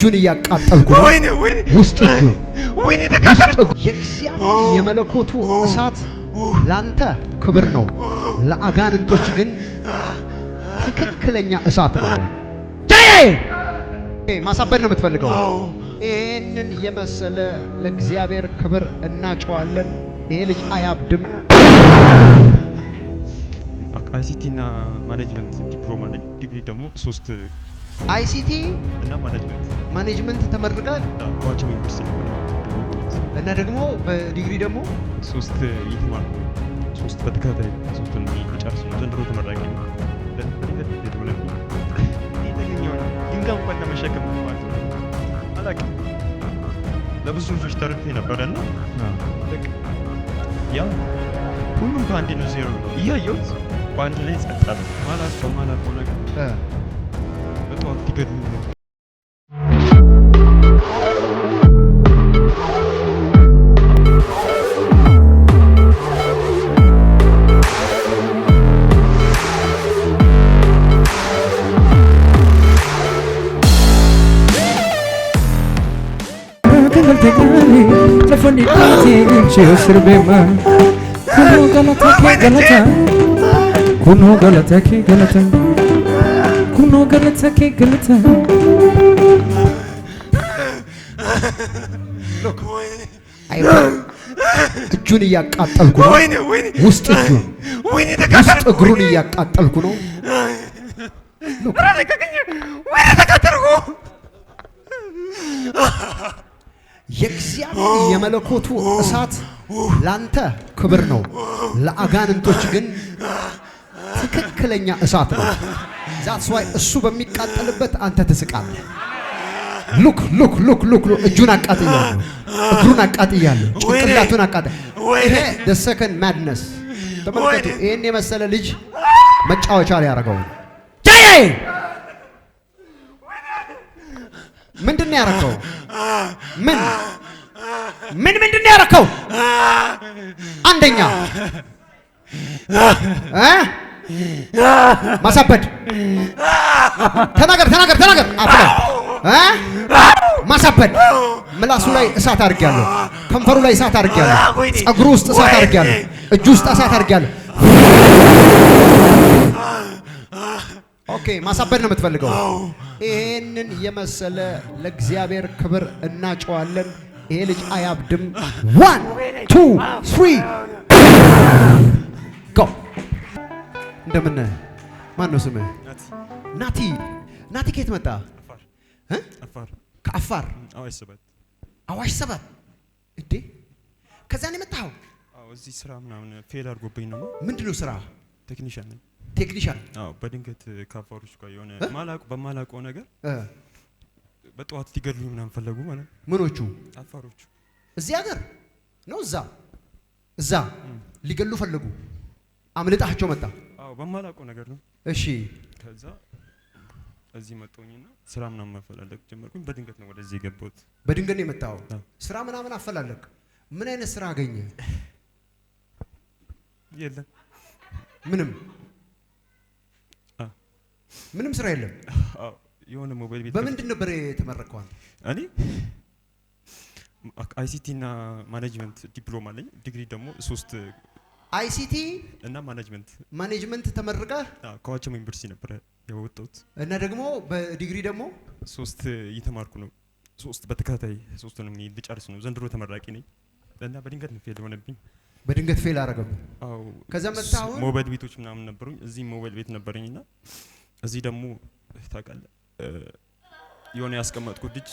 እጁን እያቃጠልኩ ውስጥ የመለኮቱ እሳት ላንተ ክብር ነው፣ ለአጋንንቶች ግን ትክክለኛ እሳት ነው። ማሳበድ ነው የምትፈልገው። ይህንን የመሰለ ለእግዚአብሔር ክብር እናጨዋለን። ይሄ ልጅ አያብድም። አይሲቲና ማኔጅመንት ዲፕሎማ ዲግሪ ደግሞ ሶስት አይሲቲ እና ማኔጅመንት ማኔጅመንት ተመርቃል ዋቸው ዩኒቨርሲቲ እና ደግሞ በዲግሪ ደግሞ ሶስት ይትማል ሶስት በተከታታይ ሶስቱን ጨርሱ ዘንድሮ ተመራቂ ነው። ድንጋይ እንኳን ለመሸከም ማለት ነው አላውቅም። ለብዙ ልጆች ተርፌ ነበረ እና ያ ሁሉም በአንድ ነው ዜሮ እያየሁት በአንድ ላይ ጸጥ አለ ማላውቀው ማላውቀው ነገር foto tipo, de galinha. Telefone pati, chihosir bema Kunu galata ki galata Kunu galata ki galata no galata ke galata እጁን እያቃጠልኩ ነው። ውስጥ እጁን ውስጥ እግሩን እያቃጠልኩ ነው። የእግዚአብሔር የመለኮቱ እሳት ላንተ ክብር ነው፣ ለአጋንንቶች ግን ትክክለኛ እሳት ነው። ዛትስ ዋይ እሱ በሚቃጠልበት አንተ ትስቃለህ። ሉክ ሉክ ሉክ ሉክ እጁን አቃጥያለሁ፣ እግሩን አቃጥያለሁ፣ ጭንቅላቱን አቃጥ ይሄ ዘ ሰከንድ ማድነስ ተመልከቱ። ይሄን የመሰለ ልጅ መጫወቻ ላይ ያደረገው ጃይ ምንድን ነው ያረከው ምን ምን ምንድን ነው ያደረከው? አንደኛ እ ማሳበድ ተናገር ተናገር ተናገር ማሳበድ ምላሱ ላይ እሳት አድርጌያለሁ ከንፈሩ ላይ እሳት አድርጊያለሁ። ጸጉሩ ውስጥ እሳት አድርጌያለሁ እጁ ውስጥ እሳት አድርጊያለሁ። ኦኬ ማሳበድ ነው የምትፈልገው። ይሄንን የመሰለ ለእግዚአብሔር ክብር እናጨዋለን። ይሄ ልጅ አያብድም። ዋን ቱ ስሪ እንደምን ማን ነው ስምህ? ናቲ ናቲ፣ ከየት መጣ? ከአፋር አዋሽ ሰባት እንዴ? ከዛ ነው የመጣኸው? እዚህ ስራ ምናምን ፌል አድርጎብኝ ነው። ምንድን ነው ስራ? ቴክኒሽያን ነኝ። ቴክኒሻን? አዎ። በድንገት ከአፋሮች ጋር የሆነ በማላውቀው ነገር በጠዋት ሊገድሉኝ ምናምን ፈለጉ ማለት ነው። ምኖቹ? አፋሮቹ። እዚህ ሀገር ነው? እዛ እዛ ሊገሉ ፈለጉ። አምልጣቸው መጣ በማላውቀው ነገር ነው። እሺ ከዛ እዚህ መጣሁኝና ስራ ምናምን አፈላለግ ጀመርኩኝ። በድንገት ነው ወደዚህ የገባሁት። በድንገት ነው የመጣው። ስራ ምናምን አፈላለግ። ምን አይነት ስራ አገኘ? የለም ምንም ምንም ስራ የለም። የሆነ ሞባይል ቤት በምንድን ነበር የተመረከዋል? እኔ አይሲቲ እና ማኔጅመንት ዲፕሎማ አለኝ። ዲግሪ ደግሞ ሶስት አይሲቲ እና ማኔጅመንት ማኔጅመንት ተመርቀ ከዋቸሞ ዩኒቨርሲቲ ነበረ የወጣሁት እና ደግሞ በዲግሪ ደግሞ ሶስት እየተማርኩ ነው። ሶስት በተከታታይ ሶስት ነው ልጨርስ ነው ዘንድሮ ተመራቂ ነኝ። እና በድንገት ነው ፌል ሆነብኝ። በድንገት ፌል አረገም። አዎ ከዛ መጣሁ። ሞባይል ቤቶች ምናምን ነበሩኝ። እዚህ ሞባይል ቤት ነበረኝና እዚህ ደግሞ ታውቃለህ የሆነ ያስቀመጥኩት ልጅ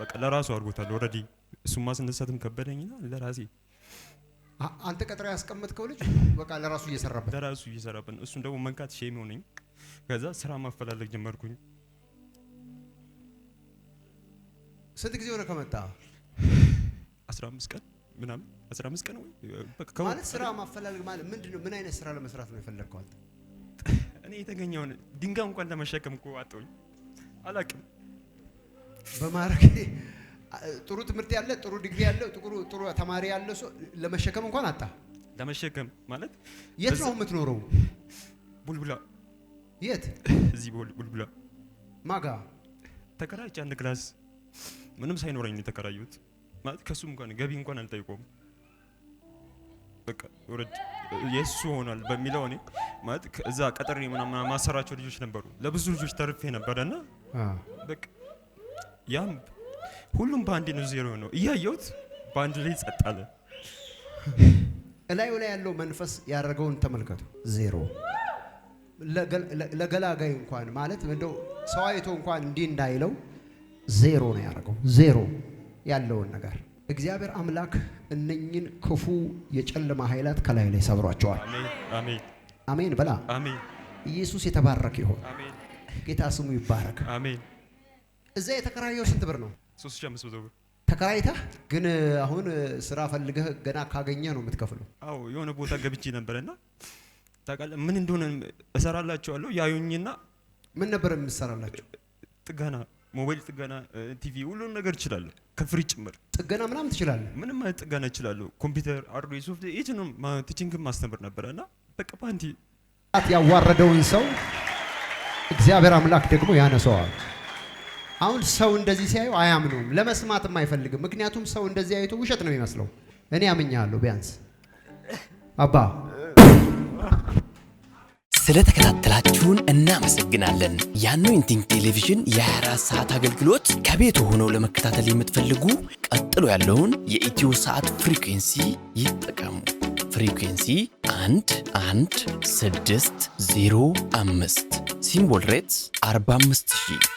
በቃ ለራሱ አድርጎታል ኦልሬዲ። እሱማ ስነሳትም ከበደኝና ለራሴ አንተ ቀጥራ ያስቀመጥከው ልጅ በቃ ለራሱ እየሰራበት ለራሱ እየሰራበት እሱን ደግሞ መንካት ሼም ሆነኝ። ከዛ ስራ ማፈላለግ ጀመርኩኝ። ስንት ጊዜ ሆነ ከመጣ? 15 ቀን ምናምን 15 ቀን ወይ ማለት ስራ ማፈላለግ ማለት ምንድነው? ምን አይነት ስራ ለመስራት ነው የፈለግከው አንተ? እኔ የተገኘውን ድንጋይ እንኳን ለመሸከም እኮ አጣሁኝ። አላቅም በማረግ ጥሩ ትምህርት ያለ ጥሩ ዲግሪ ያለ ጥሩ ጥሩ ተማሪ ያለ ሰው ለመሸከም እንኳን አጣ። ለመሸከም ማለት የት ነው የምትኖረው? ቡልቡላ። የት? እዚህ ቡልቡላ ማጋ ተከራይቼ አንድ ክላስ ምንም ሳይኖረኝ ነው የተከራዩት። ማለት ከሱ እንኳን ገቢ እንኳን አልጠይቆም። በቃ ወረድ የሱ ሆኗል በሚለው እኔ ማለት እዛ ቀጠር ምናምን ማሰራቸው ልጆች ነበሩ። ለብዙ ልጆች ተርፌ ነበረና በቃ ያም ሁሉም በአንድ ነው፣ ዜሮ ነው። እያየሁት በአንድ ላይ ጸጥ አለ። እላዩ ላይ ያለው መንፈስ ያደረገውን ተመልከቱ። ዜሮ ለገላጋይ እንኳን ማለት እንደው ሰው አይቶ እንኳን እንዲህ እንዳይለው ዜሮ ነው ያደረገው። ዜሮ ያለውን ነገር እግዚአብሔር አምላክ እነኝን ክፉ የጨለማ ኃይላት ከላይ ላይ ሰብሯቸዋል። አሜን በላ ኢየሱስ የተባረክ ይሆን። ጌታ ስሙ ይባረክ። እዚያ የተከራየው ስንት ብር ነው? ሶስት 3500 ብር ተከራይተህ ግን አሁን ስራ ፈልገህ ገና ካገኘህ ነው የምትከፍለው? አዎ የሆነ ቦታ ገብቼ ነበረና ታውቃለህ፣ ምን እንደሆነ እሰራላቸዋለሁ ያዩኝና። ምን ነበር የምሰራላቸው? ጥገና፣ ሞባይል ጥገና፣ ቲቪ፣ ሁሉን ነገር እችላለሁ፣ ከፍሪ ጭምር ጥገና ምናምን ትችላለህ? ምንም አይነት ጥገና እችላለሁ። ኮምፒውተር፣ አርዶ፣ ሶፍት፣ የትንም ቲችንግም ማስተምር ነበረና በቃ ባንቲ ያዋረደውን ሰው እግዚአብሔር አምላክ ደግሞ ያነሰዋል። አሁን ሰው እንደዚህ ሲያዩ አያምኑም፣ ለመስማትም አይፈልግም። ምክንያቱም ሰው እንደዚህ አይቶ ውሸት ነው የሚመስለው። እኔ አምኛለሁ። ቢያንስ አባ ስለተከታተላችሁን እናመሰግናለን። የአኖይንቲንግ ቴሌቪዥን የ24 ሰዓት አገልግሎት ከቤት ሆነው ለመከታተል የምትፈልጉ ቀጥሎ ያለውን የኢትዮ ሰዓት ፍሪኩንሲ ይጠቀሙ። ፍሪኩንሲ 1 1 6 0 ሲምቦል ሬትስ 45000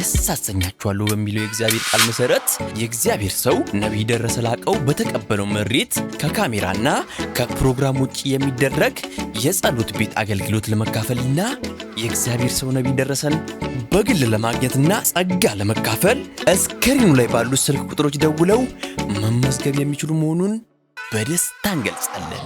ደስ አሰኛችኋለሁ በሚለው የእግዚአብሔር ቃል መሰረት የእግዚአብሔር ሰው ነቢይ ደረሰ ላቀው በተቀበለው መሬት ከካሜራና ከፕሮግራም ውጭ የሚደረግ የጸሎት ቤት አገልግሎት ለመካፈልና የእግዚአብሔር ሰው ነቢይ ደረሰን በግል ለማግኘትና ጸጋ ለመካፈል እስክሪኑ ላይ ባሉ ስልክ ቁጥሮች ደውለው መመዝገብ የሚችሉ መሆኑን በደስታ እንገልጻለን።